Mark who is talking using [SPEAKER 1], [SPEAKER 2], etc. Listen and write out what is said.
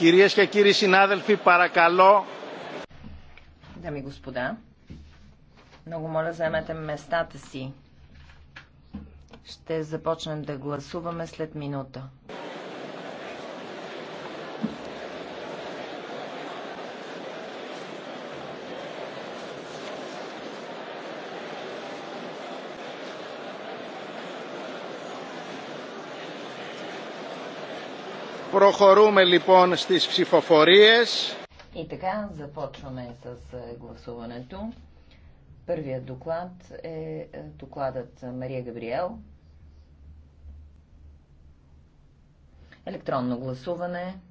[SPEAKER 1] Κυρίες και κύριοι συνάδελφοι, παρακαλώ.
[SPEAKER 2] Дами и господа, много моля заемете местата си.
[SPEAKER 3] Ще започнем да гласуваме след минута.
[SPEAKER 4] Προχωρούμε λοιπόν στις ψηφοφορίες.
[SPEAKER 5] И така започваме с е, гласуването. Първият доклад е, е докладът Мария Габриел.
[SPEAKER 6] Електронно гласуване.